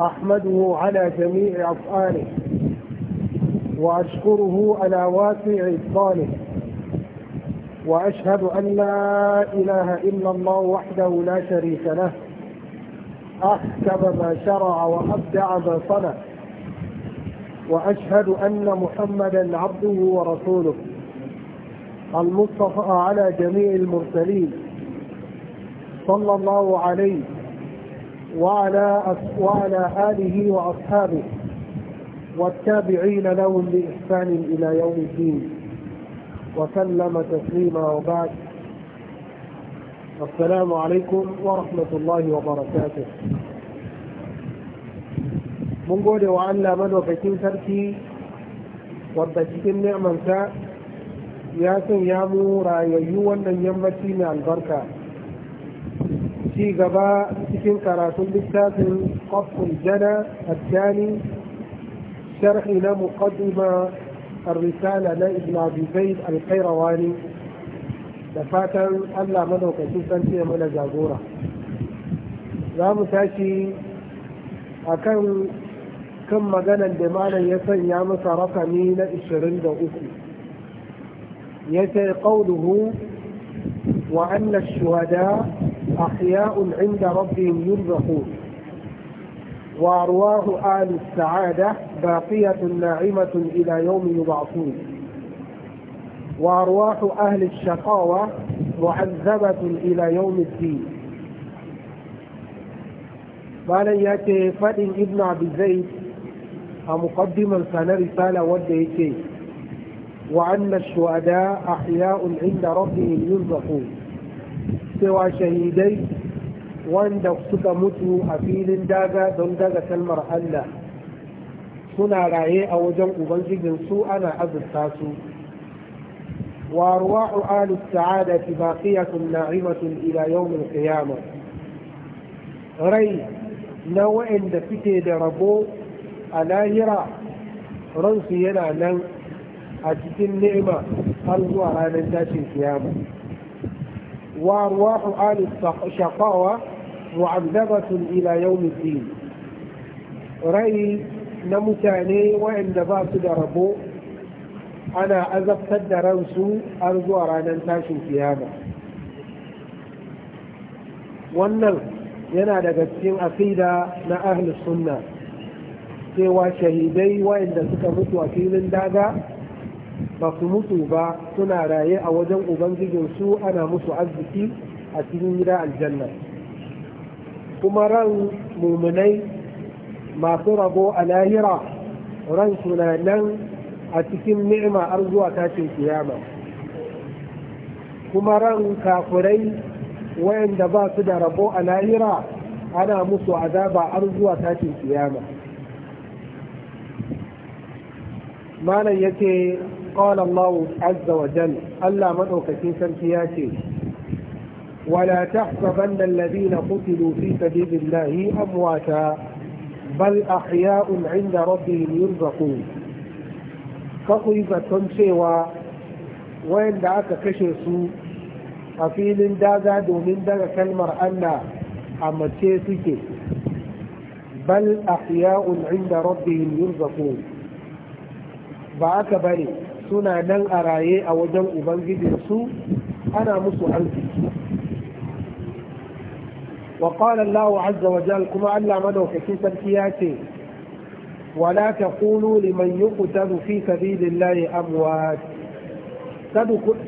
أحمده على جميع أفعاله وأشكره على واسع إفضاله وأشهد أن لا إله إلا الله وحده لا شريك له أحكم ما شرع وأبدع ما صنع وأشهد أن محمدا عبده ورسوله المصطفى على جميع المرسلين صلى الله عليه وعلى وعلى آله وأصحابه والتابعين لهم بإحسان إلى يوم الدين وسلم تسليما وبعد السلام عليكم ورحمة الله وبركاته من قول وعلى من وفتين تركي wadda نعمة ni'amansa يامو sanya mu rayayyu wannan yammaci mai ci gaba cikin karatun littafin ƙafin jana addani sharhi na muqaddima الرسالة لابن أبي ne da fatan allah منه san في mana jagora. za mu tashi a kan kan maganan da malam ya sanya masa rakami na 23 ya ce ƙauluhu wa shuhada أحياء عند ربهم يرزقون وأرواح آل السعادة باقية ناعمة إلى يوم يبعثون وأرواح أهل الشقاوة معذبة إلى يوم الدين قال ياتي فد ابن أبي زيد أمقدم الفن رسالة وديتي وأن الشهداء أحياء عند ربهم يرزقون cewa shahidai wanda suka mutu a filin daga don daga salmar Allah suna raye a wajen ubangijin su ana azurta su wa ruwa'u alu fi baqiyatun na'imatun ila yawmil qiyamah rai na wa'anda suke da rabo a lahira ransu yana nan a cikin ni'ima har zuwa ranar tashin kiyama وارواح آل الشقاوة معذبة إلى يوم الدين رأي نمتاني وإن نبات دربو أنا أذب سد رمسو أرجو أرانا في هذا. والنل ينادى قسين أفيدا مع أهل السنة سوى شهيدي وإن دسك مت وكيل داغا ba su mutu ba suna raye a wajen ubangijinsu ana musu arziki a cikin gida aljanna kuma ran mumunai masu rabo a lahira ran suna nan a cikin ni'ima har zuwa tashin kiyama kuma ran kafurai wayanda ba su da rabo a lahira ana musu azaba har zuwa tashin kiyama malam yake قال الله عز وجل ألا من أكثير سمكياتي ولا تحسبن الذين قتلوا في سبيل الله أمواتا بل أحياء عند ربهم يرزقون فقيبة تنشيوا وين دعك كشيسو أفيل دادا دومين دادا كلمر أن أما تشيسك بل أحياء عند ربهم يرزقون ba aka bari suna nan a raye a wajen ubangijinsu ana musu arziki wa qala Allah azza wa kuma Allah madaukakin sarki ya ce wala taqulu liman rufi fi sabilillahi amwat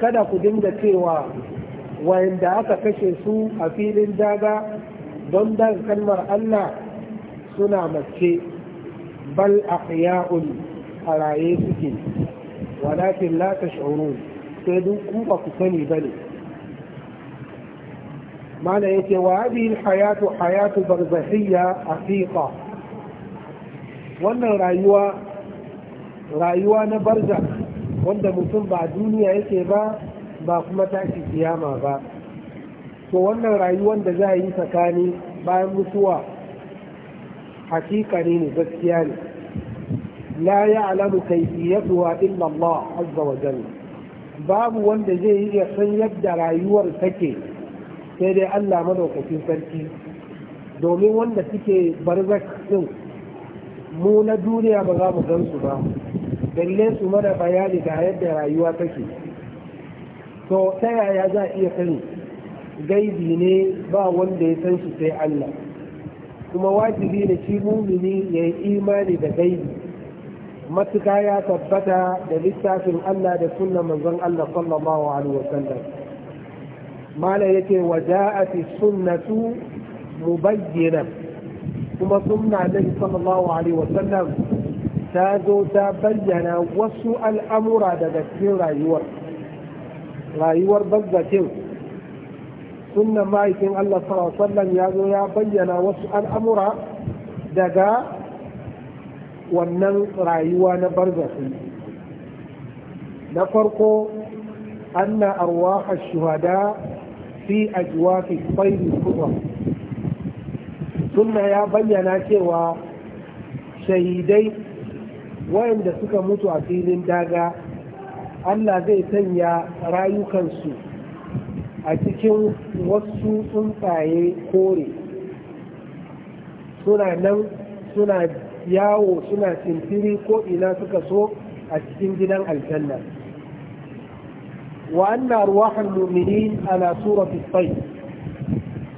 kada ku dinga cewa wayanda aka kashe su a filin daga don dan kalmar Allah suna mace bal ahya'un a raye suke walakin la tash'urun sai duk ku ba ku sani bane mana yake wa hadhihi alhayatu hayatu a aqiqa wannan rayuwa na barza wanda mutum ba duniya yake ba ba kuma tashi kiyama ba to wannan rayuwar da za a yi tsakani bayan mutuwa hakika ne gaskiya ne Na yi alamu illa Allah azza wa jalla babu wanda zai yi ya san yadda rayuwar take sai dai Allah madaukakin sarki domin wanda suke barzak din mu na duniya ba za mu gan su ba balle su mana bayani ga yadda rayuwa take to ta yaya za a iya sani gaibi ne ba wanda ya san shi sai Allah kuma wajibi ne shi mumini ya yi imani da gaibi matuka ya tabbata da littafin Allah da sunna manzon Allah sallallahu alaihi wasallam mala yake wa ja'ati sunnatu mubayyana kuma sunna da sallallahu alaihi wasallam ta zo ta bayyana wasu al'amura daga cikin rayuwar rayuwar bazzacin sunnan ma'aikin Allah sallallahu alaihi wasallam ya zo ya bayyana wasu al'amura daga wannan rayuwa na barzafi na farko anna a shuhada fi a tsayi kuma ya bayyana cewa shahidai wayanda suka mutu a filin daga Allah zai sanya rayukansu a cikin wasu tsuntsaye kore suna nan suna yawo suna tintiri ko ina suka so a cikin gidan aljanna wa anna ruwahul mu'minin ala surati tsayi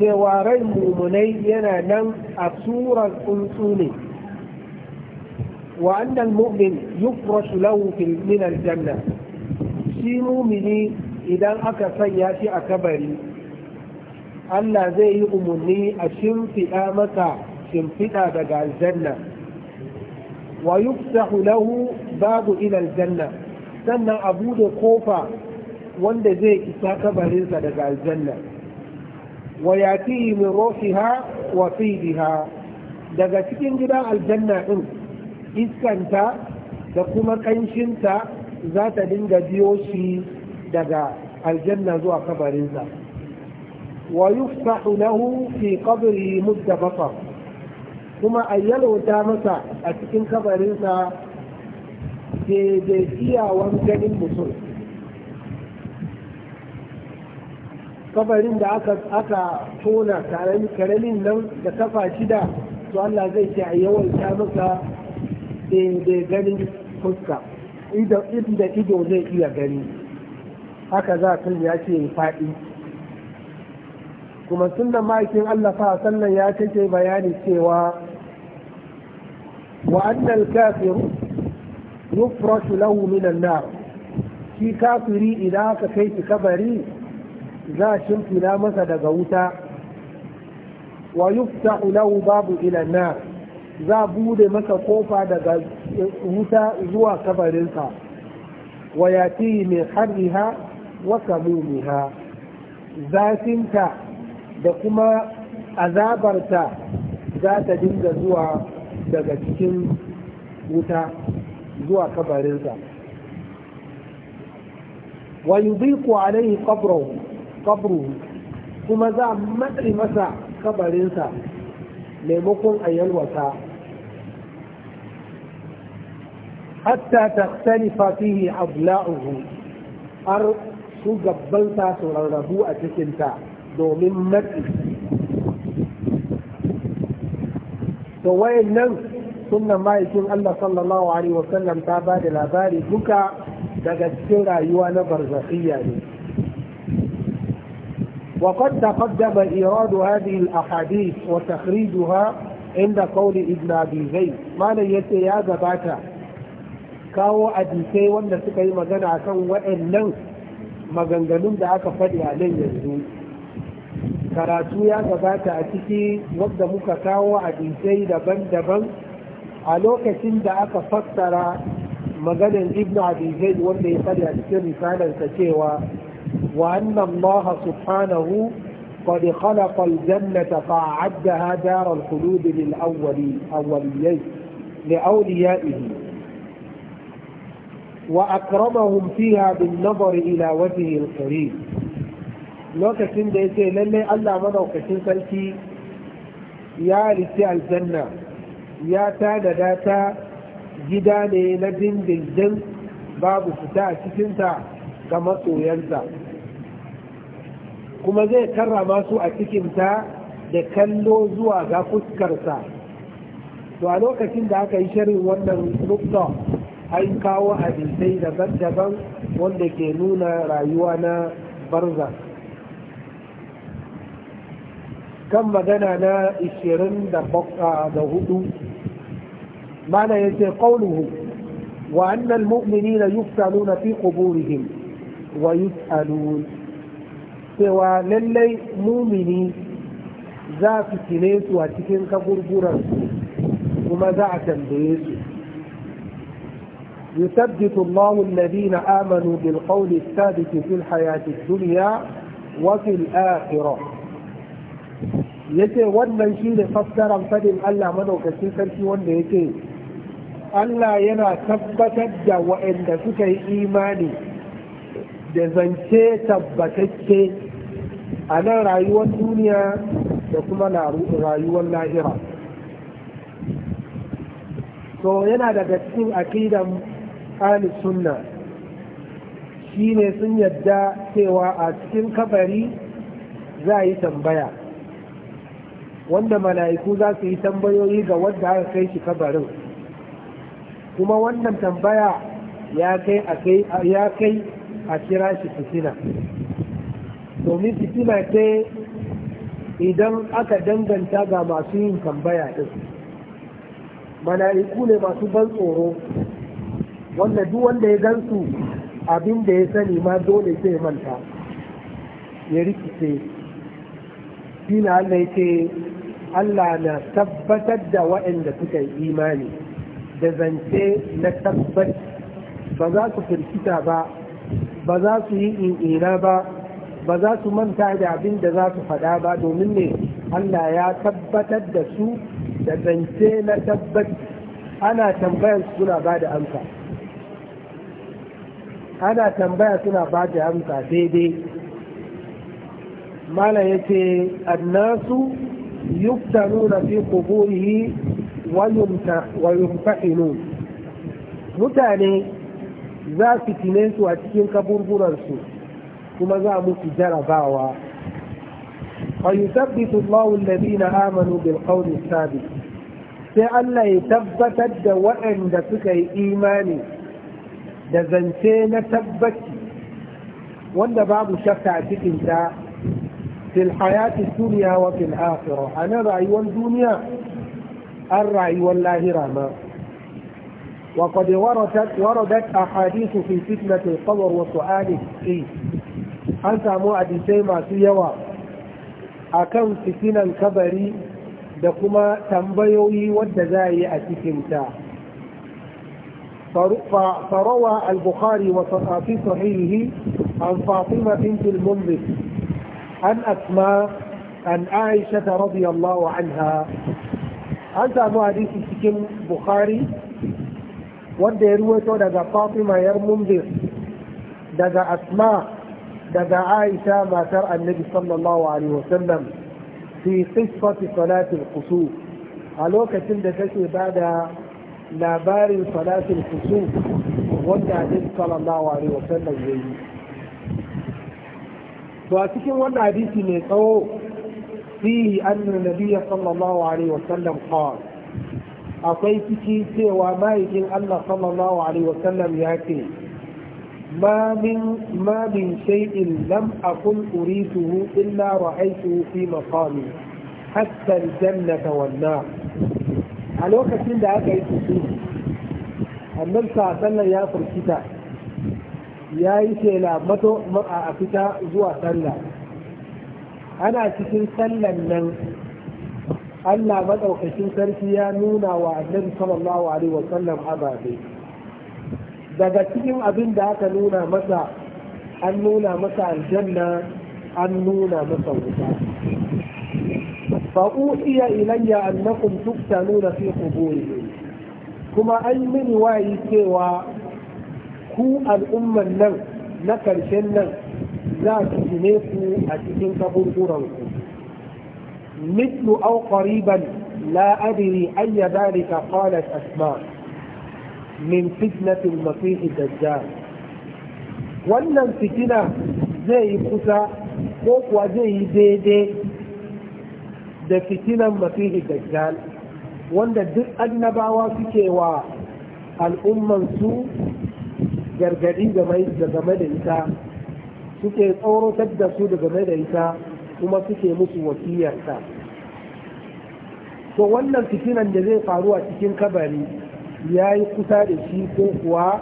cewa rai mumunai yana nan a surar tsuntsu ne wa anna mu'min yufrashu lahu fil min aljanna shi mumini idan aka sanya shi a kabari Allah zai yi umarni a shimfiɗa maka shimfiɗa daga aljanna wa yuftahu babu ila aljanna sannan a bude kofa wanda zai isa kabarinsa daga aljanna wa yatihi min ruhiha wa fidiha daga cikin gidan aljanna din iskanta da kuma ƙanshinta za ta dinga biyo shi daga aljanna zuwa kabarinsa wa yuftahu fi qabrihi mudda kuma a yalwata masa a cikin kabarinsa da iyawan ganin mutum kabarin da aka tona karamin nan da kafa shida su Allah zai ce a yawanta masa da ganin fuska inda ido zai iya gani haka za ya ce faɗi kuma sunnan ma'aikin Allah fa sannan ya take bayani cewa wa annal kafir yufrashu lahu min an-nar shi kafiri idan aka kai shi kabari za fila masa daga wuta wa yuftahu lahu babu ila an-nar za bude masa kofa daga wuta zuwa kabarinsa wa yati min harriha wa kamumiha zafinta da kuma azabarta za ta dinga zuwa daga cikin wuta zuwa kabarinsa wa yudhiqu ku qabrahu kuma za matsi masa kabarinsa maimakon a yalwata hatta ta fafihi abu la'uhu har su gabbansa su rarrabu a cikinta من مبني وين نن سنة ما يكون الله صلى الله عليه وسلم تابعد الأباري بكا تغسر يوانا برزخية وقد تقدم إيراد هذه الأحاديث وتخريجها عند قول ابن أبي زيد ما نيت يا زباتا كاو أديسي وانا سكي مغنى عسان وين نن مغنغنون دعاك فدي عليه الزيد karatu ya gabata a ciki wadda muka kawo hadisai daban-daban a lokacin da aka fassara maganin ibn hadisai wanda ya fada a cikin risalarsa cewa wa annan maha subhanahu قد خلق الجنة فأعدها دار الخلود للأوليين لأوليائه وأكرمهم فيها بالنظر إلى وجهه الكريم lokacin da ya ce lallai Allah madaukakin sarki ya halitti aljanna ya da ta gida ne na dindindin babu fita a cikinta ga masoyansa kuma zai karrama su a cikin ta da kallo zuwa ga fuskarsa to a lokacin da aka yi shirin wannan nukta an kawo hadisai daban-daban wanda ke nuna rayuwa na barza. kan magana na 24 mana yace qawluhu wa anna almu'minina yuftanuna fi quburihim wa yus'alun cewa lallai mumini za su tine su a cikin kaburburarsu kuma za a tambaye su يثبت الله الذين آمنوا بالقول الثابت في الحياة الدنيا وفي الآخرة yace wannan shi ne fassaran fadin Allah madaukakin sarki wanda yake Allah yana tabbatar da waɗanda suka yi imani da zance tabbatacce a nan rayuwar duniya da kuma rayuwar lahira to yana daga cikin akidan ahli sunna shine sun yadda cewa a cikin kabari za a yi tambaya wanda mala'iku za su yi tambayoyi ga wanda aka kai shi kabarin kuma wannan tambaya ya kai a kira shi fitina domin fitina ce idan aka danganta ga masu yin tambaya ɗin mala'iku ne masu ban tsoro wanda duk wanda ya gansu abin da ya sani ma dole sai manta ya rikice shi na Allah ya ce Allah na tabbatar da waɗanda suka yi imani da zance na tabbat ba za su firkita ba ba za su yi in'ina ba ba za su manta da abin da za su faɗa ba domin ne Allah ya tabbatar da su da zance na tabbat ana tambayar suna ba da amsa ana tambaya suna ba da amsa daidai mala ya ce annasu yuftanuna fi quburihi wa yumtahinun mutane za su tine su a cikin kaburburarsu kuma za musu jarabawa wa yusabbitu Allahu alladhina amanu bil qawli sabit sai Allah ya tabbatar da waɗanda suka yi imani da zance na tabbaci wanda babu shakka a cikinta في الحياة الدنيا وفي الآخرة أنا رأي والدنيا الرأي واللاهرة ما وقد وردت وردت أحاديث في فتنة القبر وسؤال فيه أنت أمو أديسي ما سيوا أكم فتنة الكبري da kuma tambayoyi wadda za a فروى البخاري في صحيحه عن فاطمة بنت المنذر عن أسماء عن عائشة رضي الله عنها أنت أمو حديث سكين بخاري وده رويته دقا فاطمة يرمون به دقا أسماء دقا عائشة ما ترى النبي صلى الله عليه وسلم في قصة صلاة الخسوف ألو كتن دكتو بعد لابار صلاة الخسوف النبي صلى الله عليه وسلم جيد to cikin wannan hadisi mai tsawo fihi annan nabiyya sallallahu alaihi wasallam kawai. akwai ciki cewa ma'aikin Allah sallallahu alaihi wasallam ya ce ma min ma min shay'in lam akun urituhu illa ra'aytuhu fi maqami hatta al-jannata a lokacin da aka yi su annabi sallallahu ya furkita ya yi tela mato a fita zuwa sallah ana cikin sallan nan Allah maɗaukacin sarki ya nuna wa annabi sallallahu alaihi wa sallam ababe daga cikin abin da aka nuna masa an nuna masa aljanna an nuna masa wuta iya ilayya annakum tuktanuna fi kuma an mini wayi cewa ku al'umman nan na karshen nan za su jine ku a cikin kaburburan ku مثل أو قريبا لا أدري أي ذلك قالت أسماء من masih المسيح الدجال wannan fitina zai yi kusa ko kuwa zai yi daidai da fitinan masihi dajjal wanda duk annabawa suke wa al'umman su gargadi game da ita suke tsorotar da su game da ita kuma suke musu wasiyarta to wannan fitinan da zai faru a cikin kabari ya yi kusa da shi ko kuwa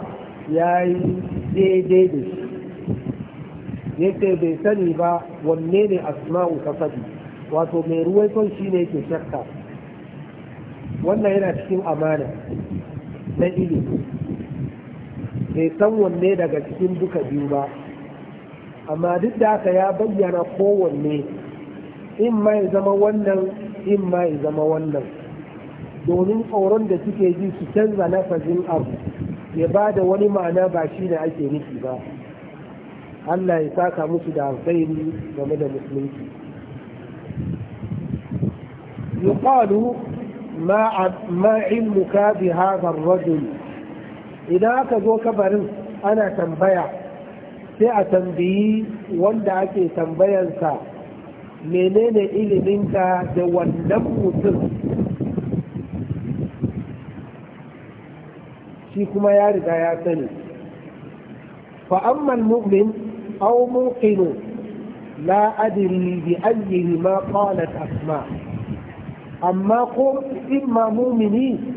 ya yi daidai da shi yake bai sani ba wanne ne asma'u kasabi wato mai ruwaiton shi ne ke shakka wannan yana cikin amana na ilimi bai san wanne daga cikin duka biyu ba amma duk da haka ya bayyana kowanne in ma ya zama wannan in ma ya zama wannan domin tsoron da suke ji su canza lafazin abu ya ba da wani ma'ana ba shi ne ake nufi ba Allah ya saka musu da alfairi game da musulunci yuqalu ma ma ilmuka bi hadha ar-rajul idan aka zo kabarin ana tambaya sai a tambayi wanda ake tambayansa menene iliminka da wannan mutum shi kuma ya riga ya sani fa'amman mu'min au muqinu la adri bi ayyihi ma qalat asma amma ko imma mu'mini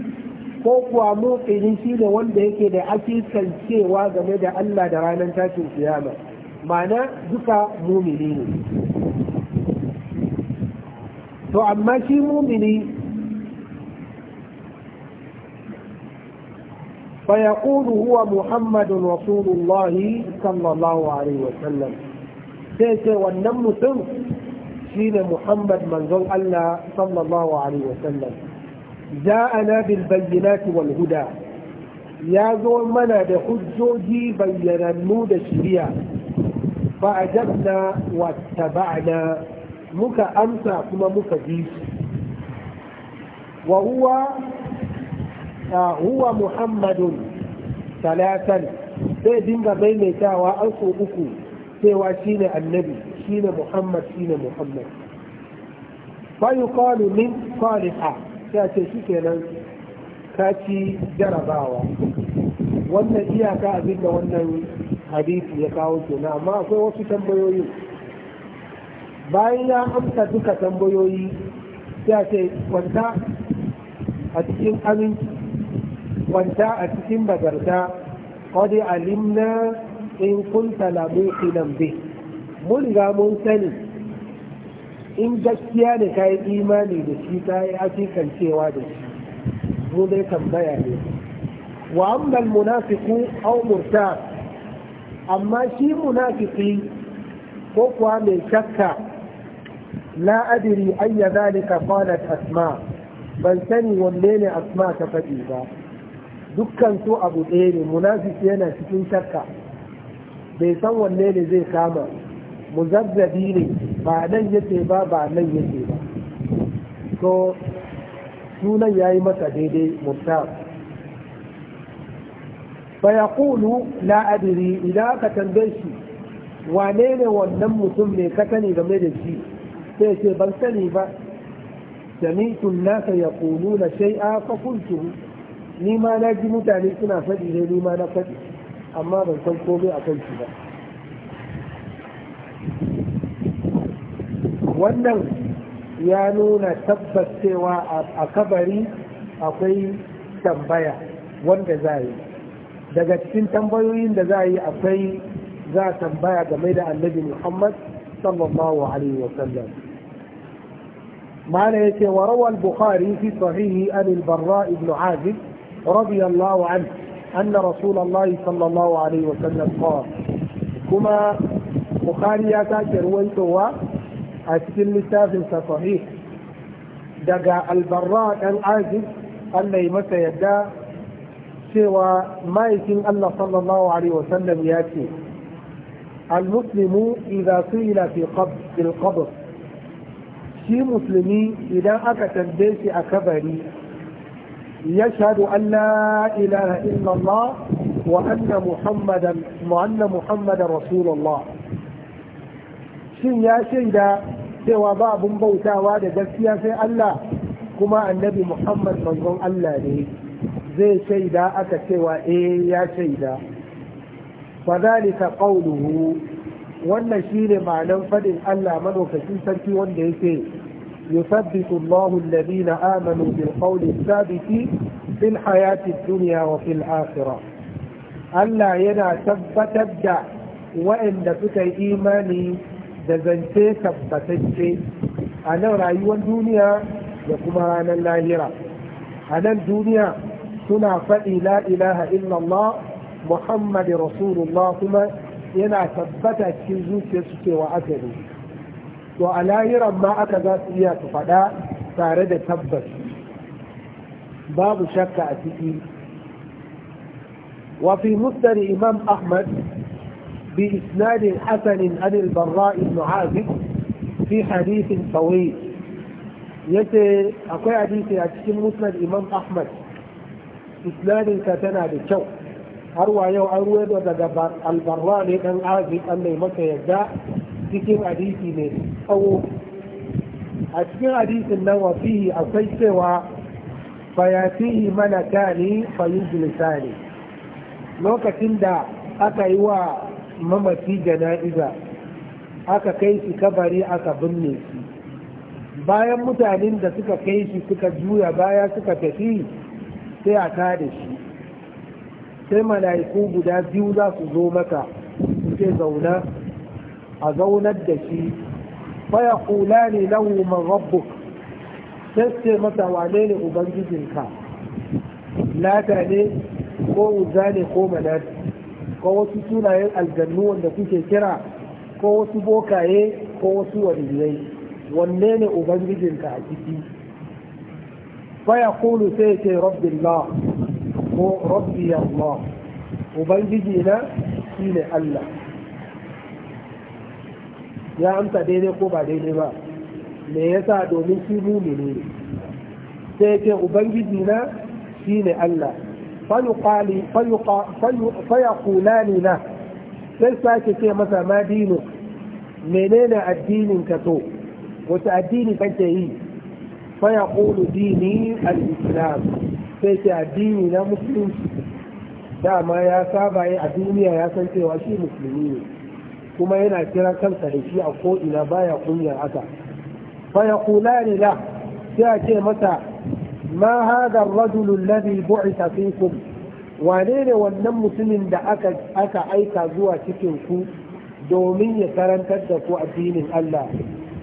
ko kuwa mokini shi ne wanda yake da ake kancewa game da Allah da ranar tashin kiyama mana duka mumini ne to amma shi mumini fayakudu huwa muhammadun rasulullahi sallallahu alaihi wasallam sai ce wannan mutum shi ne muhammad manzon Allah جاءنا بالبينات والهدى يا ذو منا ده حجوجي بيننو ده فأجبنا واتبعنا مك أمسى كما مك جيش وهو آه، هو محمد ثلاثا sai dinga maimaitawa an so uku cewa shine annabi shine muhammad shine muhammad fa yuqalu min ya ce shi kenan ka ci jarabawa wannan iyaka abin da wannan hadisi ya kawo kenan amma akwai wasu tambayoyi bayan ya amsa duka tambayoyi ya ce kwanta a cikin aminci kwanta a cikin bazarta قد علمنا in kunta لموقنا به mun ga mun sani in gaskiya ne ka yi imani da shi ka yi cewa da shi mu dai tambaya ne wa munafiku au murta amma shi munafiki ko kuwa mai shakka la adiri ayya zalika qalat asma ban sani wanne ne asma ta faɗi ba Dukkansu su abu ɗaya ne munafiki yana cikin shakka bai san wanne ne zai kama muzabzabi ne ba nan yake ba ba nan yake ba to sunan ya yi masa daidai murtab fayaqulu la adri idan aka tambaye shi wane ne wannan mutum ne ka sani game da shi sai ce ban sani ba سمعت الناس يقولون ka kuntu ni ma na ji mutane suna faɗi ne ni ma na faɗi amma ban san komai a kan shi ba wannan ya nuna tabbacewa a kabari akwai tambaya wanda za yi daga cikin tambayoyin da za yi akwai za a tambaya game da annabi muhammad sallallahu alaihi wasallam معنى يتي وروى البخاري في صحيحه عن البراء بن عازب رضي الله عنه أن رسول الله صلى الله عليه وسلم قال كما بخاري يا تاكر ويتوا a cikin littafin sahih daga albarra ɗan aziz Allah ya masa yadda cewa ma'aikin Allah sallallahu alaihi wasallam ya ce المسلم إذا قيل في قبر في القبر شي مسلمي إذا أكت البيت a kabari, ya shaɗu Allah إلا الله وأن محمدا Muhammadan محمدا رسول الله شي يا cewa ba abin bautawa da gaskiya sai Allah kuma annabi Muhammad manzon Allah ne zai shaida aka cewa eh ya shaida fa zalika qawluhu wannan shine ma'anan fadin Allah madaukakin sarki wanda yake يثبت الله Amadu آمنوا بالقول الثابت في duniya fil وفي Allah yana tabbatar da ابدع suka yi imani. da zance tabbatacce a nan rayuwar duniya da kuma ranar lahira a nan duniya suna faɗi la ilaha illallah muhammadu rasulullah kuma yana tabbata cikin su cewa aka ne to a lahiran ma aka za su iya su faɗa tare da tabbas babu shakka a ciki Wafi مصدر Imam Ahmad. بإسناد حسن عن البراء بن عازب في حديث طويل yace akwai hadisi a cikin musnad imam ahmad isnadin ka tana da kyau har wa yau an ruwa daga albarra ne dan azik Allah maka yadda cikin hadisi ne tsawo a cikin hadisin nan wa akwai cewa fayatihi malakani fayujlisani lokacin da aka yi wa mamaci jana'iza aka kai shi kabari aka binne shi bayan mutanen da suka kai shi suka juya baya suka tafi sai a tada shi sai mala'iku guda biyu za su zo maka suke zauna a zaunar da shi faya kula ne na man rabbuk sai ce masa wane ne ubangijinka lata ne ko uza ne ko manati ko wasu sunayen aljannu wanda kuke kira ko wasu bokaye ko wasu waliyai wanne ne ubangijinka a ciki faya kulu sai ce rabbillah ko rabbi allah ubangiji na shine allah ya amsa daidai ko ba daidai ba me yasa domin shi mumini ne sai ce ubangiji na shine allah fayuqali fayuqa fayaqulani la sai sake ce masa ma menene addinin ka to wata addini kake yi fayaqulu dini al-islam sai ce addini na musulunci dama ya saba yi a duniya ya san cewa shi musulmi ne kuma yana kira kansa da shi a ko'ina baya kunyar haka fayaqulani la sai a ce masa ma hada rajul alladhi bu'itha fikum wane ne wannan mutumin da aka aka aika zuwa cikin ku domin ya karantar da ku addinin Allah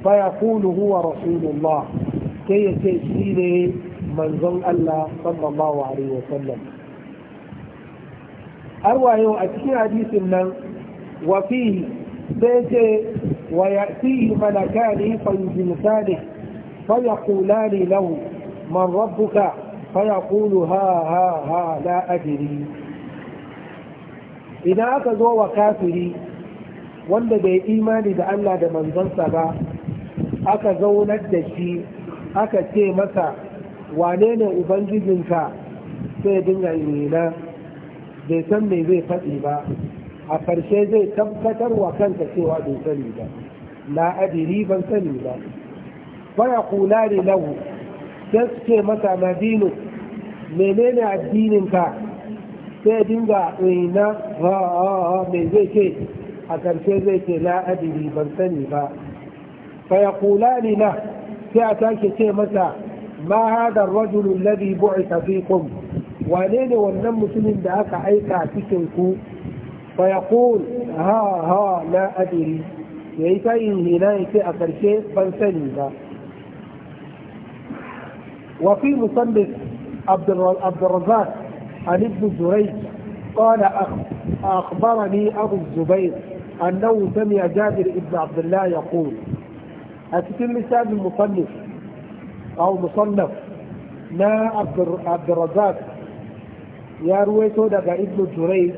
fa yaqulu huwa sai ya ce shi ne manzon Allah sallallahu alaihi wa sallam arwayo a cikin hadisin nan wa fihi sai ce wa ya'tihi malakani fa yujlisani fa yaqulani lahu من ربك فيقول ها ها ها لا أدري إذا أكذوا وكافري wanda bai imani da Allah da manzonsa ba aka zaunar da shi aka ce maka, 'Wanene ne ubangijinka sai dinga nuna bai san me zai faɗi ba a ƙarshe zai tabbatar wa kanta cewa bai sani ba la adiri ban sani ba faya kula ne lahu sai ce masa madinu menene addininka sai dinga rina ha ha, ha, me zai ce a karshe zai ce na adiri ban sani ba fa kula ni na sai a sake ce masa ma hada ar-rajulu alladhi bu'itha kun wane ne wannan mutumin da aka aika cikin ku fa yaqul ha ha la adiri yi ta yin hina ce a karshe ban sani ba وفي مصنف عبد الرزاق عن ابن زريج قال أخبرني أبو الزبير أنه سمع جابر ابن عبد الله يقول أتتم مثال المصنف أو مصنف ما عبد الرزاق يا رويتو دقى ابن جريج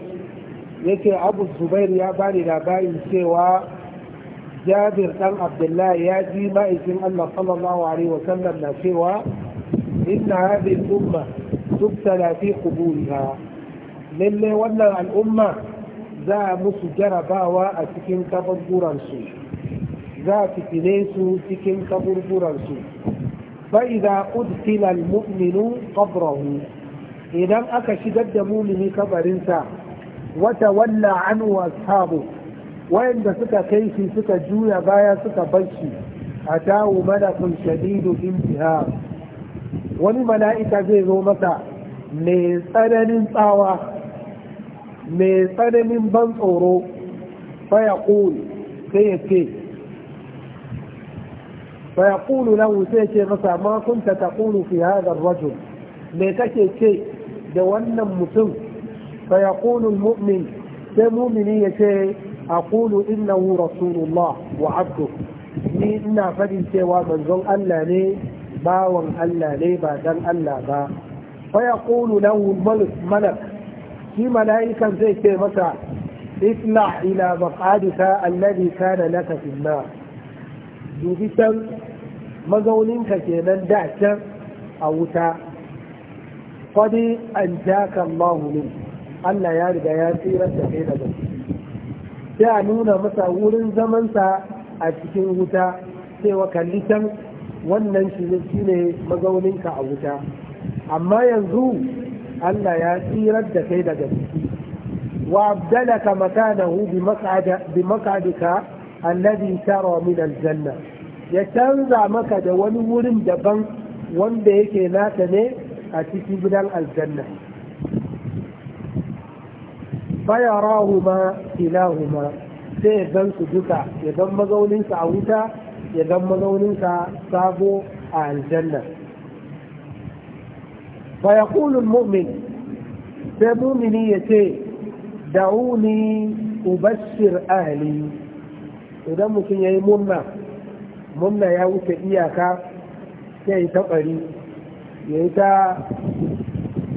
يكي أبو الزبير يا لا لاباي سوى جابر عبد الله يا جيما اسم الله صلى الله عليه وسلم لا سوى إن هذه الأمة تبتلى في قبولها للي ولا الأمة ذا مسجر باوا أتكين كبر قرانسو ذا تتنيسو تكين كبر قرانسو فإذا أدخل المؤمن قبره إذا أكشدد مؤمن كبرنسا وتولى عنه أصحابه wayanda suka kai shi suka juya baya suka bar shi a tawo malakun shadidu intihar wani mala'ika zai zo masa mai tsananin tsawa mai tsananin ban tsoro faya ƙulu sai ce lahu sai ce masa ma kunta ta ƙulu fi hadar rajul me kake ce da wannan mutum faya ƙulu mu'min sai mumini ya ce a ƙulu innahu rasulullah wa abdu ni ina faɗin cewa manzon Allah ne bawan Allah ne ba dan Allah ba fa Kulu lahu malak malak shi mala'ikan zai ce masa isla ila maqadika alladhi kana laka fi ma dubi can mazauninka kenan da can a wuta qad anjaka Allah min Allah ya riga ya tsira da kai daga sai a nuna masa wurin zamansa a cikin wuta sai wa kalli can wannan shi ne mazauninka a wuta amma yanzu Allah ya tsirar da kai daga ciki wa abdalaka makanahu bi maq'adika alladhi tara min aljanna ya canza maka da wani wurin daban wanda yake naka ne a cikin gidan aljanna fayarahuma ilahuma sai ya gan su duka ya gan mazauninsa a wuta ya zan mazauninsa sabo a aljanna ya yaqulu mumin sai mumini ya ce da'uni ubashir ahli idan mutum yi murna murna ya wuce iyaka ya yi ta ya yi ta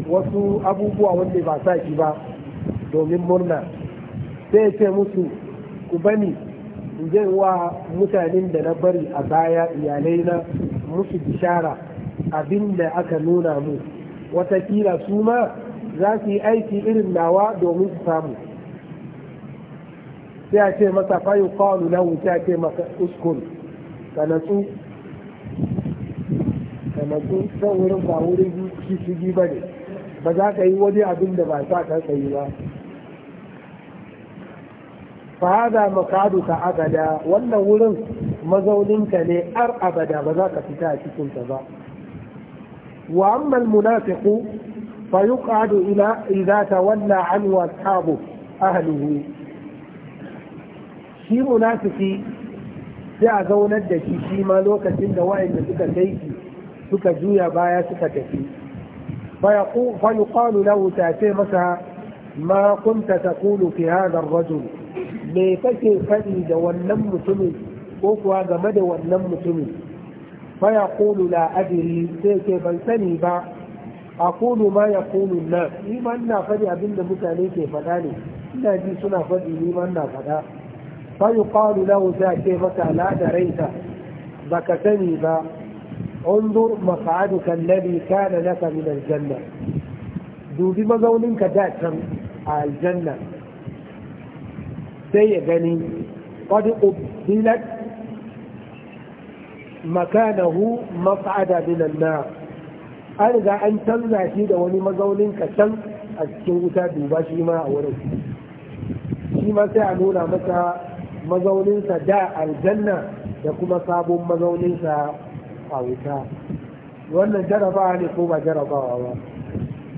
wasu abubuwa wanda ba sa shi ba domin murna sai ya ce musu ku bani zan wa mutanen da na bari a baya iyalai na musu bishara abin da aka nuna mu watakila su ma za su yi aiki irin nawa domin su samu sai a ce masa fayin kwanu na wuce a ce masa uskun ka natsu ka natsu san wurin ba wurin ba ne ba za ka yi wani abin da ba sa ka yi ba fa hada makaduka abada wannan wurin mazauninka ne har abada ba za ka fita a cikin ta ba wa amma almunafiqu fa yuqadu ila idza tawalla an wa ashabu ahlihi shi munafiki sai a zaunar da shi shi ma lokacin da wa'anda suka kai suka juya baya suka tafi فيقال له تأتي مثلا ما كنت تقول في هذا الرجل me kake faɗi da wannan mutumin ko kuwa game da wannan mutumin faya kulu la adiri sai ke ban sani ba a kulu ma ya kulu na Iman na faɗi abin mutane ke faɗa ne ina ji suna faɗi iman na ina faɗa fayu kalu lahu sai ke maka raita. ba ka sani ba انظر kana الذي min aljanna Dubi mazauninka da can a Aljanna. sai ya gani qad ubdilat makanahu maq'ada min an na. an ga an canza shi da wani mazaunin kacan a cikin wuta duba shi ma a wurin shi ma sai a nuna masa mazauninsa da aljanna da kuma sabon mazauninsa a wuta wannan jarabawa ne ko ba jarabawa ba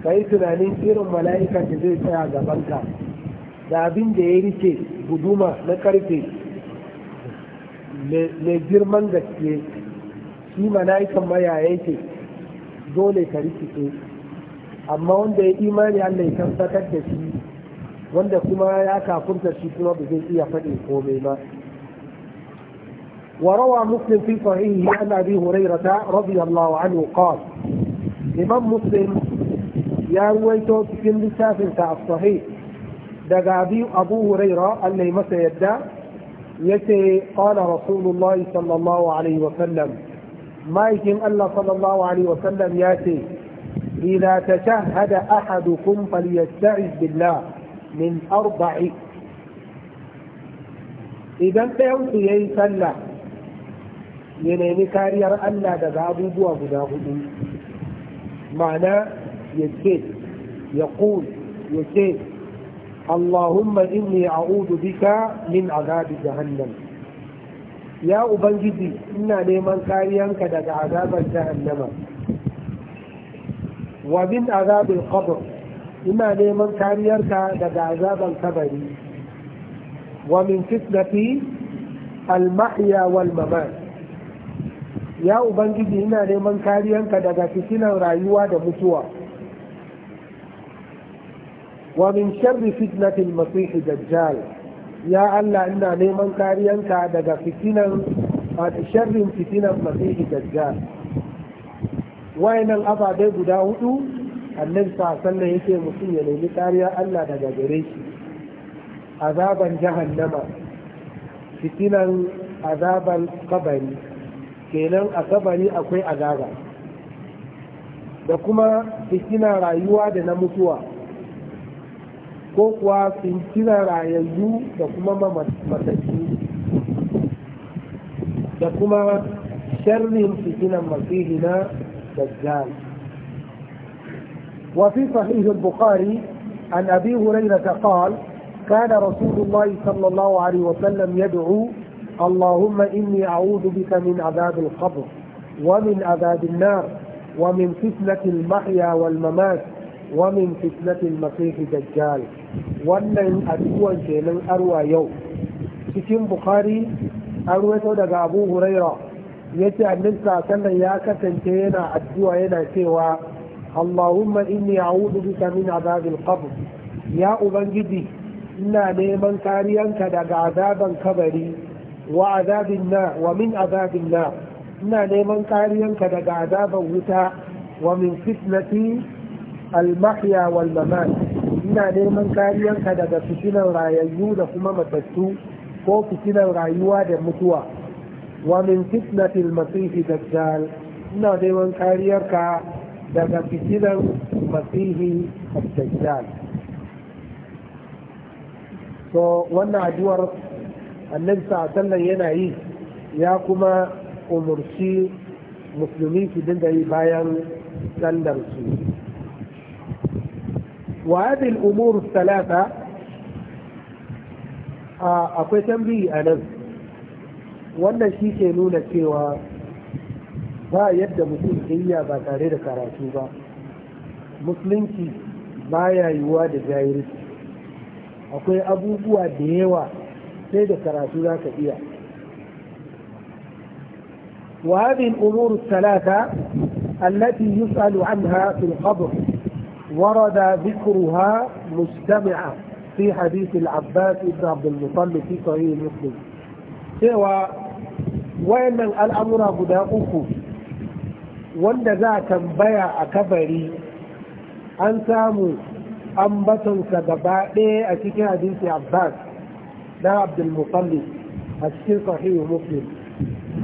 ka yi tunanin irin mala'ikan da zai tsaya gabanka da abin da ya rike guduma na karfe mai girman gaske shi mala'ikan maya yake dole ka rikice amma wanda ya imani Allah ya tabbatar da shi wanda kuma ya kafurta shi kuma ba zai iya faɗi komai ba وروى مسلم في صحيحه عن ابي هريره رضي الله عنه قال امام مسلم يا رويتو في كتاب الصحيح دقى أبي أبو هريرة أنه مس سيدى يتي قال رسول الله صلى الله عليه وسلم ما يكن ألا صلى الله عليه وسلم ياتي إذا تشهد أحدكم فليستعذ بالله من أربع إذا انت يوصي أي سلة ينيني كاري رأنا دقى أبو بوا بناهدو معنى يتكيد يقول يتكيد Allahumma inni a'udu bika min azabi jahannam Ya Ubangiji ina neman kariyanka daga azabar jahannama wa min azabil qabr ina neman kariyarka daga azabar kabari wa min fitnati al-mahya wal mamat Ya Ubangiji ina neman kariyanka daga fitinan rayuwa da mutuwa wa min sharri fitnatil masih dajjal ya allah ina neman kariyanka daga fitinan wa sharri fitinatil masih dajjal wa guda huɗu? annabi sa sallallahu alaihi wasallam yake musulmi ne mai kariya allah daga gare shi azaban jahannama fitinan azaban kabari kenan a kabari akwai azaba da kuma fitinan rayuwa da na mutuwa ko kuwa rayayyu da kuma da kuma sharrin fitinan dajjal وفي صحيح البخاري عن ابي هريره قال كان رسول الله صلى الله عليه وسلم يدعو اللهم اني اعوذ بك من عذاب القبر ومن عذاب النار ومن فتنه المحيا والممات wa min fitnatil masih dajjal wannan addu'an kenan arwa yau cikin bukhari an ruwaito daga abu huraira yace annabi sallallahu ya kasance yana addu'a yana cewa Allahumma inni a'udhu bika min azabil qabr ya ubangiji ina neman kariyanka daga azaban kabari wa azabin na wa min azabin na ina neman kariyanka daga azaban wuta wa min fitnati المحيا والممات ina neman kariyanka daga fitilan rayayyu da kuma matattu ko fitinan rayuwa da mutuwa wa min fitnatil masihi dajjal ina neman kariyarka daga fitinan masihi dajjal to wannan addu'ar annabi sallallahu yana yi ya kuma umurci musulmi su dinga yi bayan sandar su وهذه الأمور الثلاثة akwai tambayi a nan wannan shi ke nuna cewa ba yadda mutum ya ba tare da karatu ba musulunci ba ya yiwuwa da jahilci akwai abubuwa da yawa sai da karatu za ka iya وهذه الأمور الثلاثة التي يسأل عنها في القبر ورد ذكرها مجتمعة في حديث العباس بن عبد المطلب في صحيح مسلم سوى وان الامر غدا اخو وان ذا بيا اكبري ان سامو انبتن سببا دي اتكي حديث عباس دا عبد المطلب اتكي صحيح مسلم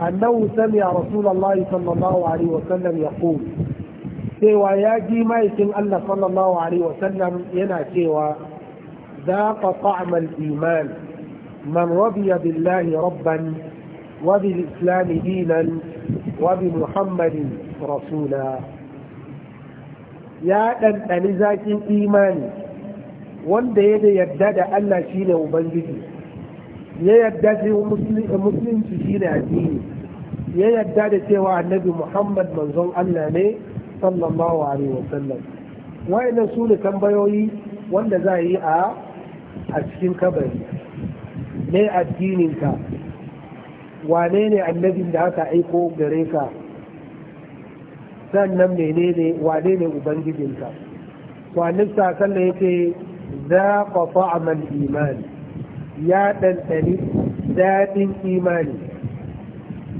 انه سمع رسول الله صلى الله عليه وسلم يقول cewa ya ji ma'aikin Allah sallallahu alaihi wasallam yana cewa za ka ta'amal iman man rabiya billahi rabban wa bil islami dinan wa bi muhammadin rasula ya ɗanɗani zaƙin imani wanda ya da yadda da Allah shi ne Ubangiji, ya yadda da musulunci shi ne addini, ya yadda da cewa annabi Muhammad manzon Allah ne صلى الله عليه وسلم وإن سوري كان بيوي وإن زاي أشكين كبري ني أدينين كا وانيني النبي اللي هاتا إيكو بريكا سان نمني نيني وانيني أبنجدين كا وأن نفسها كان يكي ذاق طعم الإيمان يا تنتني ذات إيماني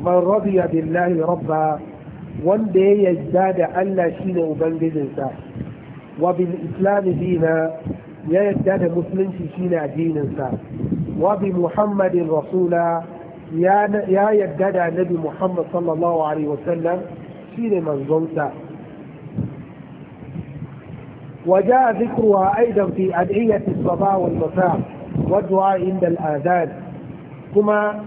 من رضي بالله ربا wanda ya yadda da Allah shine ubangijinsa wa bil islam dina ya yadda da musulunci shine addininsa wa bi muhammadin rasula ya yadda da annabi muhammad sallallahu alaihi wasallam shine manzonsa وجاء ذكرها أيضا في أدعية الصباح والمساء والدعاء عند الآذان كما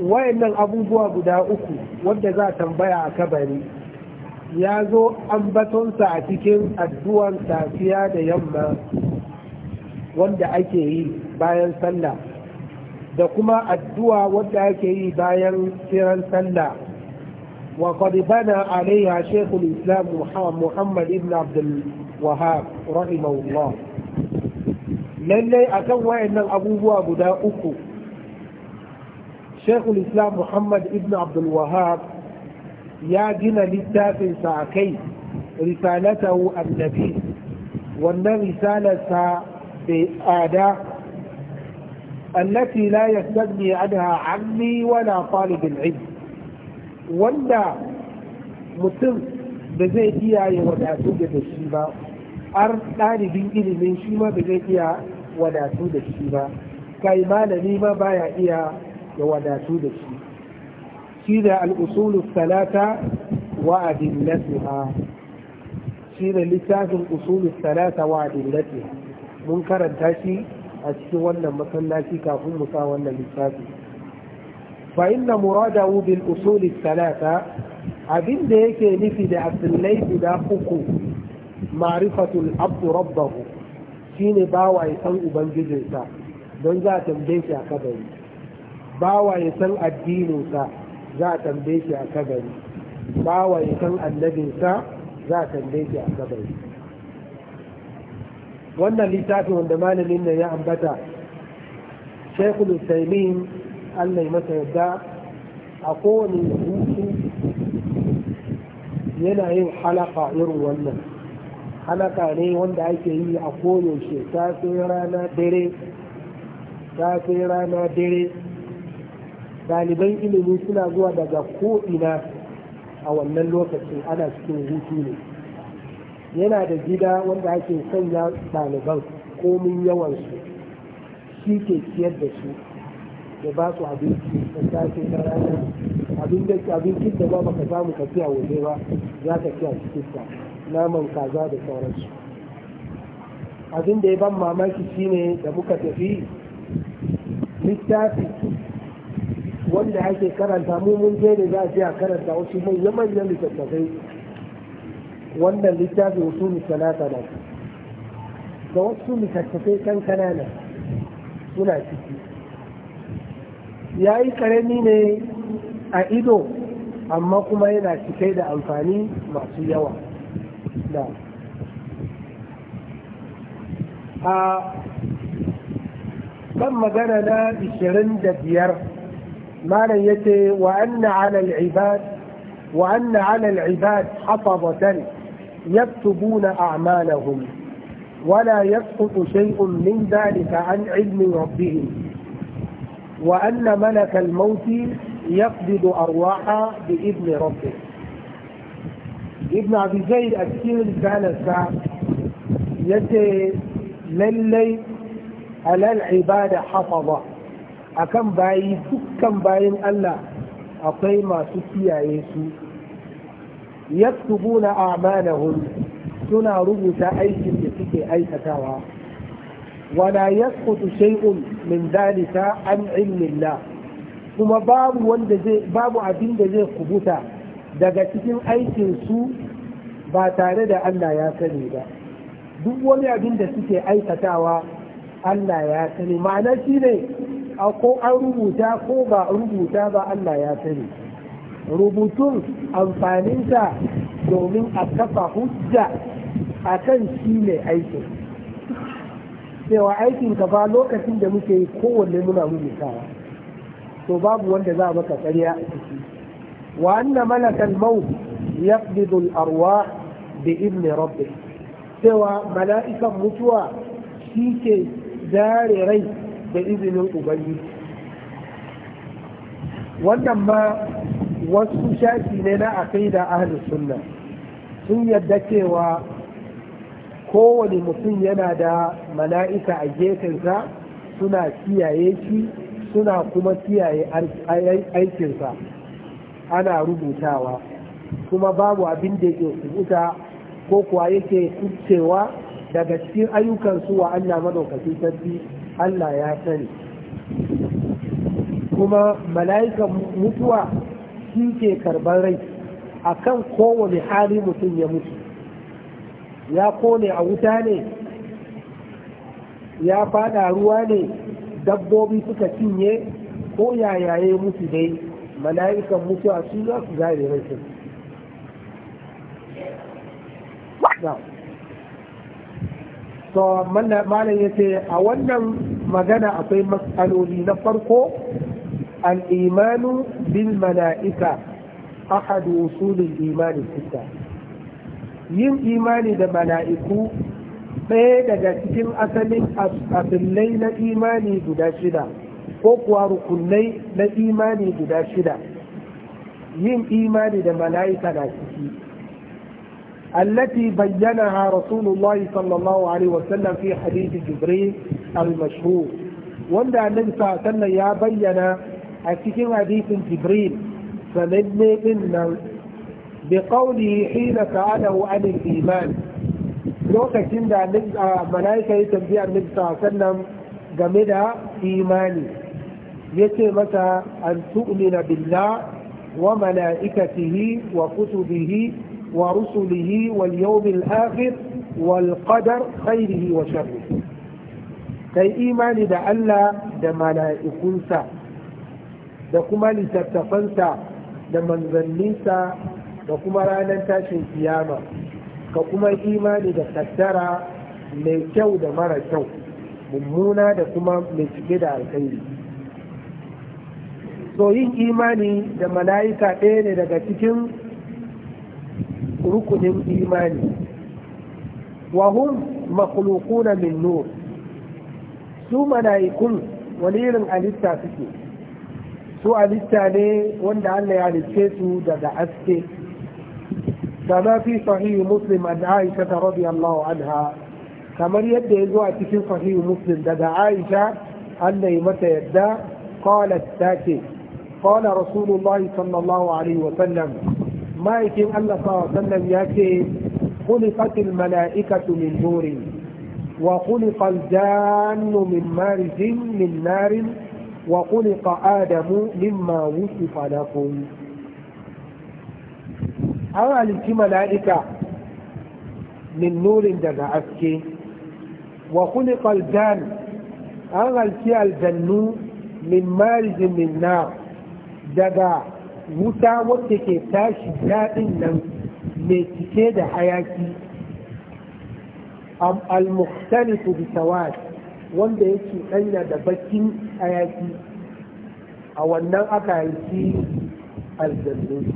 wayannan abubuwa guda uku wadda za a tambaya a kabari ya zo ambatonsa a cikin addu'an safiya da yamma wanda ake yi bayan sallah da kuma addu'a wadda ake yi bayan kiran sallah wa kwadibana bana alaiha shekul islam muhammad ibn abdul wahab rahimahullah lallai akan wayannan abubuwa guda uku shekul islam muhammad ibn abdulwahab ya gina littafinsa a kai risalatahu annabi wannan risalarsa bai tsada التي لا يستغني عنها عني ولا طالب العلم wanda mutum da zai iya ya wadatu da shi ba har ɗalibin ilimin shi ma zai iya wadatu da shi ba kai malami ma baya iya ya wadatu da shi shi da al'usulu salata wa ha, shi da littafin usulu talata wa adillatuha mun karanta shi a cikin wannan masallaci kafin mu sa wannan littafi fa inna muradahu bil usuli talata, abin da yake nufi da asillai guda uku ma'rifatul abdu rabbahu shine bawa ya san ubangijinsa don za a tambaye shi a kabari bawa ya san addininsa za a tambaye shi a kabari bawa ya san annabinsa za a tambaye shi a kabari wannan littafin wanda malamin nan ya ambata shekul usaimin allah masa yadda a kowane hutu yana yin halaka irin wannan halaka ne wanda ake yi a koyaushe ta rana dare rana dare ɗaliban ilimi suna zuwa daga ko'ina a wannan lokacin ana cikin hutu ne yana da gida wanda ake sanya ɗaliban komin yawansu shi ke ciyar da su da ba su abinci da safe da rana Abin da ba ka samu ka fiya waje ba za ka fiya cikin ta naman kaza da sauransu abin da ya ban mamaki shine da muka tafi littafi wanda ake karanta mu mun je da za a a karanta wasu manya-manyan littattafai wannan littafin wasu misalata na da wasu littattafai kan kanana suna ciki ya yi karami ne a ido amma kuma yana cike da amfani masu yawa da a kan magana na 25 malam yace وأن على العباد وأن على العباد حفظة يكتبون أعمالهم ولا يسقط شيء من ذلك عن علم ربهم وأن ملك الموت يقبض أرواحا بإذن ربه ابن عبد زيد أكثر كان سعد يتي للي على العبادة حفظة akan bayi dukkan bayin Allah akwai masu kiyaye su yaktubuna amanahum suna rubuta aikin da suke aikatawa wala yasqutu shay'un min dalika an ilmillah kuma babu wanda zai babu abin da zai kubuta daga cikin aikin su ba tare da Allah ya sani ba duk wani abin da suke aikatawa Allah ya sani ma'ana shine ko an rubuta ko ba rubuta ba Allah ya sani rubutun amfaninsa domin a kafa hujja a kan shi ne aikin cewa aikin ka ba lokacin da muke yi kowanne muna rubutawa to babu wanda za a maka karya a ciki wa anna malakal maut yaqbidu al arwah bi idni rabbih cewa mala'ikan mutuwa shi ke dare rai da izinin ubangi wannan ma wasu shafi ne na aqida ahli sunna sun yadda cewa kowane mutum yana da mala'ika a gefensa suna kiyaye shi suna kuma kiyaye aikinsa ana rubutawa kuma babu abin da ke rubuta ko kuwa yake cewa daga cikin ayyukansu wa Allah madaukakin sarki Allah ya sani kuma mala'ikan mutuwa shi ke karban rai a kan kowane hali mutum ya mutu ya kone a wuta ne ya fada ruwa ne dabbobi suka cinye ko yayaye mutu dai mala'ikan mutuwa su za su gane rai to malam ya ce a wannan magana akwai matsaloli na farko al'imanu bil mala'ika ahadu usulin imani sita yin imani da mala'iku ɗaya daga cikin asalin asillai na imani guda shida ko kuwa rukunai na imani guda shida yin imani da mala'ika na ciki التي bayyana رسول الله صلى الله عليه وسلم في حديث wanda annabi sallallahu ya bayyana a cikin hadisin jibril sananne din nan bi qawlihi hina sa'alahu an iman lokacin da malaika ya tambayi annabi sallallahu game da imani ya ce masa an tu'mina billah wa malaikatihi wa kutubihi ورسله واليوم الآخر والقدر خيره وشره kai imani da Allah da mala'ikunsa da kuma littattafansa da manzanninsa da kuma ranar tashin kiyama ka kuma imani da tattara mai kyau da mara kyau mummuna da kuma mai cike da alkhairi so imani da mala'ika ɗaya ne daga cikin ركن الإيمان وهم مخلوقون من نور سو ملائكة وليرن أليتا فيكي سو أليتا لي واند ألا يعني تسو دادا أسكي كما في صحيح مسلم أن عائشة رضي الله عنها كما يد يزوى في صحيح مسلم دادا عائشة أن يمتى يدى قالت التاكي قال رسول الله صلى الله عليه وسلم ma'aikin Allah sawa sannan ya ce kulifatil mala'ikatu min nurin wa kulifal jannu min marijin min narin wa kulifa adamu mimma wusifa lakum an halitti mala'ika min nurin daga aske wa kulifal jannu an halitti aljannu min marijin min nar daga wuta wacce ke tashi daɗin nan mai cike da hayaki al-mukhtalifu bi wanda yake danya da bakin hayaki a wannan aka haifi aljannu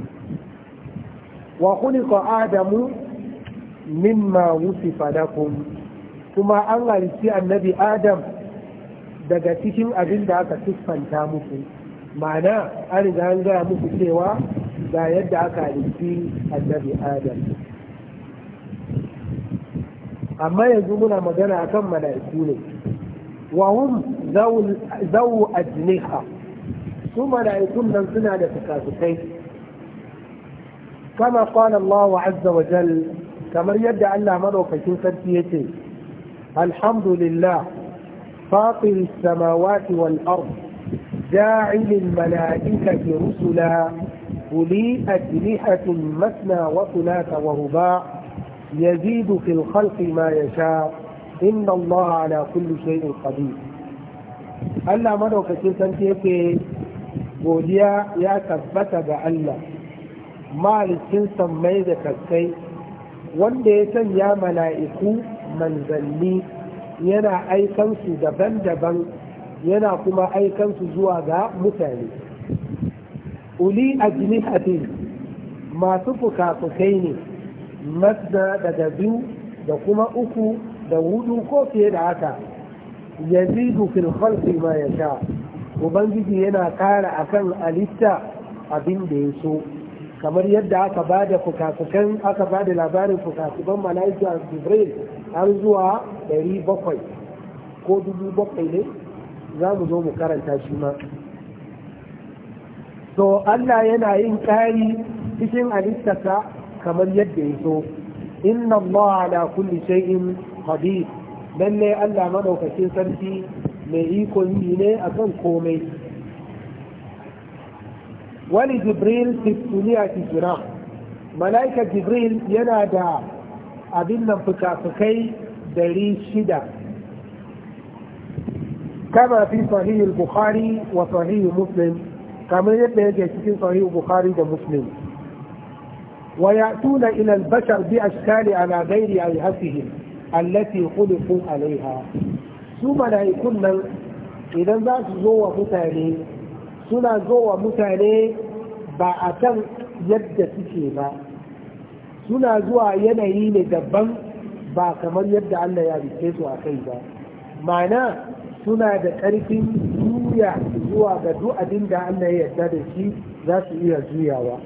wa khuliqa adamu mimma wusifa lakum kuma an halitti annabi adam daga cikin abin da aka siffanta muku ma'ana an riga an gaya muku cewa ga yadda aka halitti annabi adam amma yanzu muna magana akan mala'iku ne wa hum zawu ajniha su mala'ikun nan suna da fikafikai. kama Kwana Allah azza wa jal kamar yadda Allah madaukakin sarki yace alhamdulillah fatir as-samawati wal ardh جاعل الملائكة رسلا ولي أجلحة مثنى وثلاث ورباع يزيد في الخلق ما يشاء إن الله على كل شيء قدير ألا مرة كثير تنتيك بوليا يا تثبت بألا ما لسن ميزة كثير وندي يا ملائكو من ذلي ينا أيضا سدبا دبا yana kuma aikansu zuwa ga mutane uli ajnihatin masu fuka ne masna daga biyu da kuma uku da hudu ko fiye da haka yazidu fil khalqi ma yasha ubangiji yana kara akan alitta abin da ya so kamar yadda aka ba da fukafukan aka ba da labarin fukafukan mala'ika jibril har zuwa 700 ko 700 ne za mu zo mu karanta shi ma so Allah yana yin ƙari cikin halittarsa kamar yadda ya so inna Allah ala kulli shay'in qadir lalle Allah madaukakin sarki mai iko yi ne akan komai wani jibril sittuniya jira mala'ika jibril yana da abin nan fuka-fukai dari shida كما في صحيح البخاري وصحيح مسلم كما يبقى في صحيح البخاري ومسلم ويأتون إلى البشر بأشكال على غير أيهتهم التي خلقوا عليها ثم لا يكون إذا ذات زوى متاني سنة زوى متاني بأكل يد سكيبا suna zuwa yanayi ne daban ba kamar yadda Allah ya rike su a kai ba mana suna da ƙarfin juya zuwa ga duk abin da Allah ya yarda da shi za su iya juyawa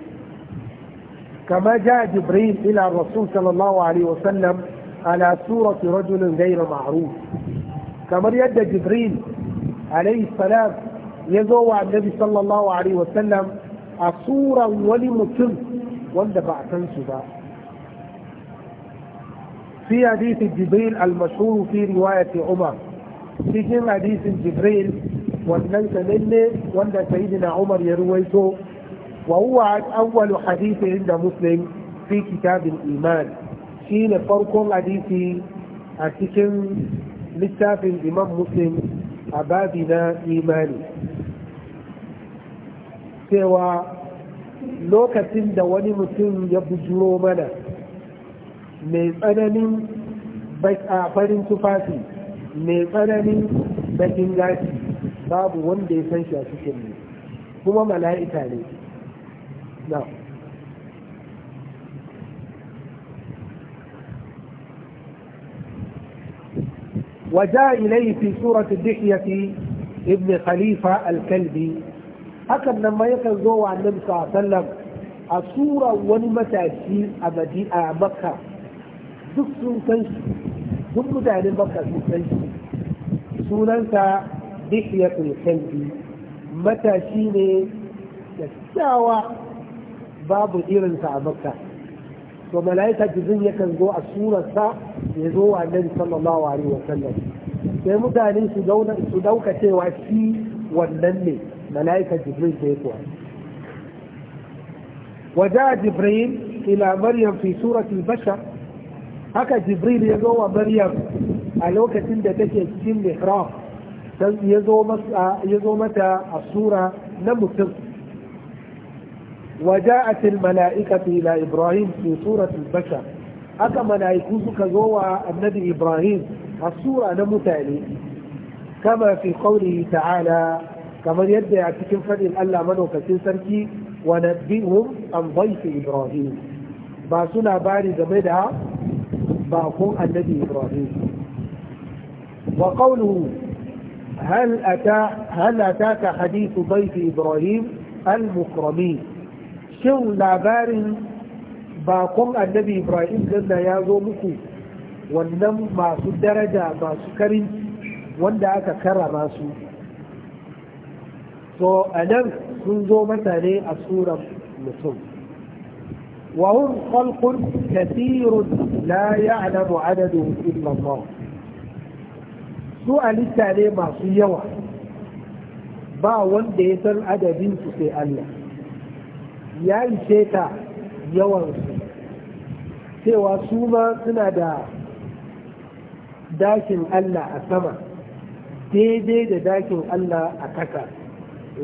كما جاء جبريل إلى الرسول صلى الله عليه وسلم على سورة رجل غير معروف كما يد جبريل عليه السلام يزوى النبي صلى الله عليه وسلم أصورا ولمتم ولا بعثن سبا في حديث جبريل المشهور في رواية عمر cikin hadisin jibril wannan sananne wanda sayyidina umar ya ruwaito wa huwa awwalu hadisi inda muslim fi kitabin iman shine farkon hadisi a cikin littafin imam muslim a babi imani cewa lokacin da wani mutum ya bujuro mana mai tsananin a farin tufafi mai tsananin bakin gashi babu wanda ya san shi a cikin mu kuma mala'ika ne na وجاء إليه في سورة الدحية ابن خليفة الكلبي أكد لما يكن يكذو عن النبي صلى الله عليه وسلم السورة ونمتاشي أبدي أعمقها duk تنشي duk mutanen bakka sun san shi sunansa dihiyatul kalbi matashi ne kyakkyawa babu irinsa a bakka to mala'ika jibin yakan zo a surarsa ya zo wa annabi sallallahu alaihi wa sai mutane su dauna su dauka cewa shi wannan ne mala'ika jibril sai kuwa وجاء جبريل Maryam مريم في سورة البشر haka jibril ya zo wa maryam a lokacin da take cikin mihrab dan ya zo mata a sura na mutum وجاءت الملائكة إلى إبراهيم في سورة البشر أكا ملائكوسك زوى النبي إبراهيم السورة نمتالي كما في قوله تعالى كما يدعي تكن فدي ألا منو كثير سركي ونبئهم عن ضيف إبراهيم باسنا باري زمدها بعض الذي إبراهيم وقوله هل, أتا هل أتاك حديث ضيف إبراهيم المكرمين شو لابار باقوم الذي إبراهيم لنا يا ذومكو ونم ما درجة ما سكرين wanda aka karama su to a nan sun zo وهم خلق كثير لا يعلم عددهم إلا الله سؤال التالي masu yawa ba wanda ya san adadinsu sai Allah ya ishe ta yawansu cewa su suna da dakin Allah a sama daidai da dakin Allah a kasa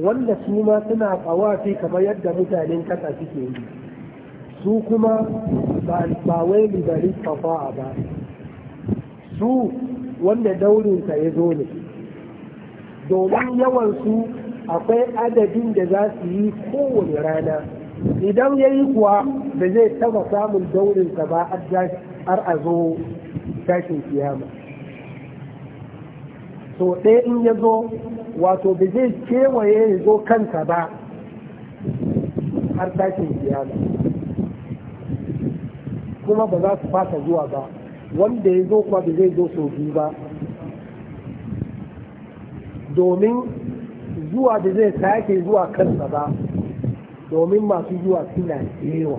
wanda suma suna tsawafi kamar yadda mutanen kasa suke yi su kuma ba wai kafa a ba su wanda daurinka ya zo ne domin yawansu akwai adadin da za su yi kowane rana idan ya yi kuwa da zai taba samun daurinka ba har a zo tashin kiyama so ɗaya in ya zo wato da zai kewaye ya zo kanka ba har tashin kiyama kuma ba za su fasa zuwa ba wanda ya zo kuma ba zai zo sau biyu ba domin zuwa da zai sake zuwa kansa ba domin masu zuwa suna yawa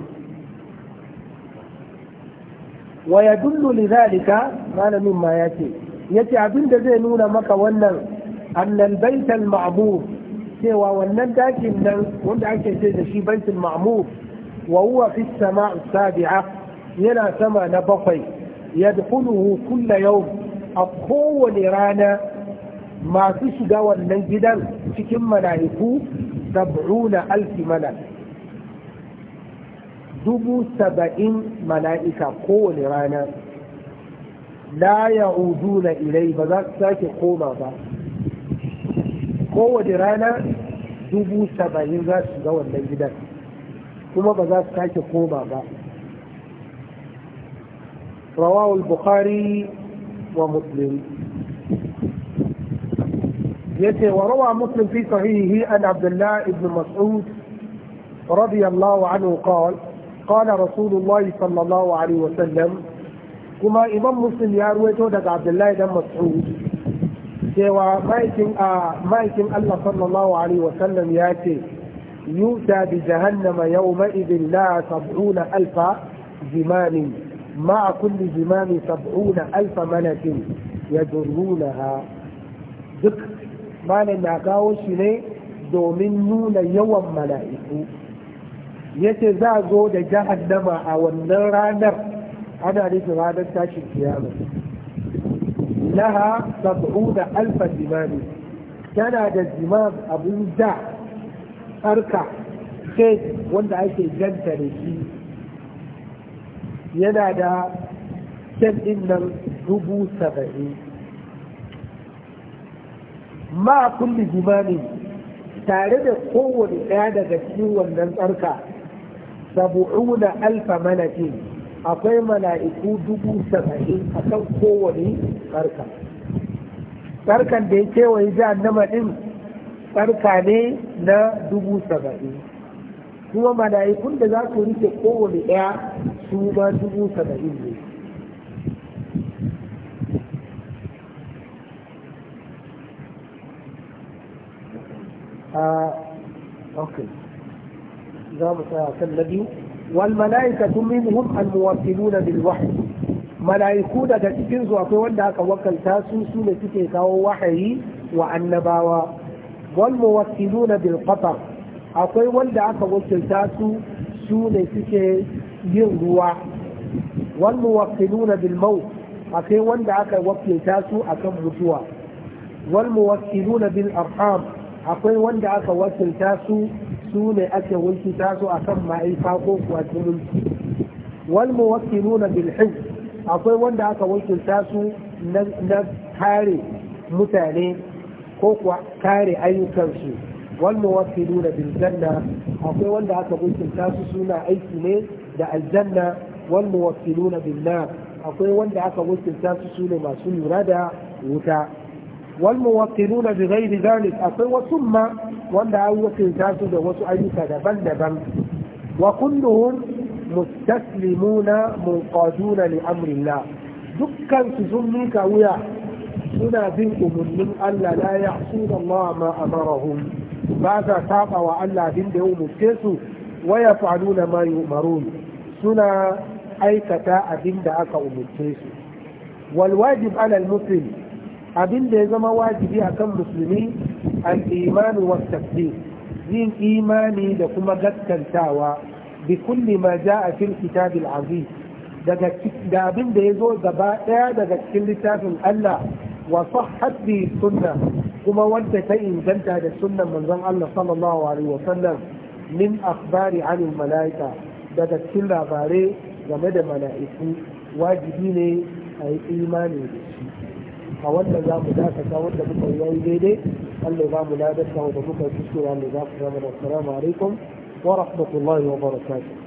wa ya dullu li zalika malamin ma yace yace abin da zai nuna maka wannan annan baitan ma'mur cewa wannan dakin nan wanda ake ce da shi baitin ma'mur wa huwa fi as sabia yana sama na bakwai yadkhuluhu kulla yau a kowane rana masu shiga wannan gidan cikin mala'iku sab'una alfi mala dubu saba'in mala'ika kowane rana la na irai, ba za su sake koma ba kowane rana dubu saba'in za su shiga wannan gidan kuma ba za su sake koma ba رواه البخاري ومسلم يتي وروى مسلم في صحيحه عن عبد الله بن مسعود رضي الله عنه قال قال رسول الله صلى الله عليه وسلم كما إمام مسلم يا رويته دك عبد الله بن مسعود سوى مايكن آه، الله صلى الله عليه وسلم ياتي يؤتى بجهنم يومئذ لا سبعون ألف زمان Ma مع كل زمام سبعون ألف ملك يجرونها duk malam na kawo shi ne domin nuna yawan mala'iku yace za zo da jahannama a wannan ranar ana nufin ranar tashin kiyama laha sab'una alfa zimani tana da zimam abin da tsarka sai wanda ake janta da shi yana da kyan ɗin nan dubu saba'in ma kulli jimani tare da kowane ɗaya daga cikin wannan tsarka sabu'una alfa malakin akwai mala'iku dubu saba'in a kan kowane tsarka tsarkan da ya kewaye jihar nama ɗin tsarka ne na dubu saba'in kuma mala'ikun da za ku rike kowane ɗaya su ma dubu saba'in ne أوكي الذي والملائكة منهم الموكلون بالوحي ملائكون da cikin su akwai wanda aka wakalta su su ne suke kawo wahayi wa annabawa wal muwakkiluna bil qatar akwai wanda aka wakilta su su ne suke yin ruwa wal muwakkiluna bil bilmau akwai wanda aka wakilta su akan mutuwa wal muwakkiluna bil arham akwai wanda aka wakilta su su ne ake wakilta su akan ma'aifa ko kuwa zumunci wal muwakkiluna bil hizb akwai wanda aka wakilta su na kare mutane ko kuwa kare ayyukansu والموكلون بالجنة أقول وأن أتقول تاسسون أي سنة دا الجنة والموكلون بالنار أقول وأن أتقول تاسسون ما سنة دا وتا والموكلون بغير ذلك أقول وثم وأن أوكل تاسس دا وسو أيك دبن دبن وكلهم مستسلمون منقادون لأمر الله دكا تزميك ويا سنة بن من أن لا يعصون الله ما أمرهم ba sa saba wa Allah abin da ya umurce su waya fa'aluna ma yu'marun suna aikata abin da aka umurce su wal wajib ala muslim abin da ya zama wajibi akan musulmi al iman wa tasdiq yin imani da kuma gaskantawa bi kulli ma jaa fil kitab al aziz daga da abin da ya zo gaba daya daga cikin littafin Allah wa sahhat sunnah kuma wanda ta inganta da sunan manzon Allah sallallahu alaihi wasallam min akhbari anin malaika daga cikin labarai game da mala'iku wajibi ne a yi imani da shi a wanda za mu dakata wanda muka yi daidai Allah za mu ladarta wanda muka yi kuskure Allah za ku zama da assalamu alaikum wa rahmatullahi wa barakatuh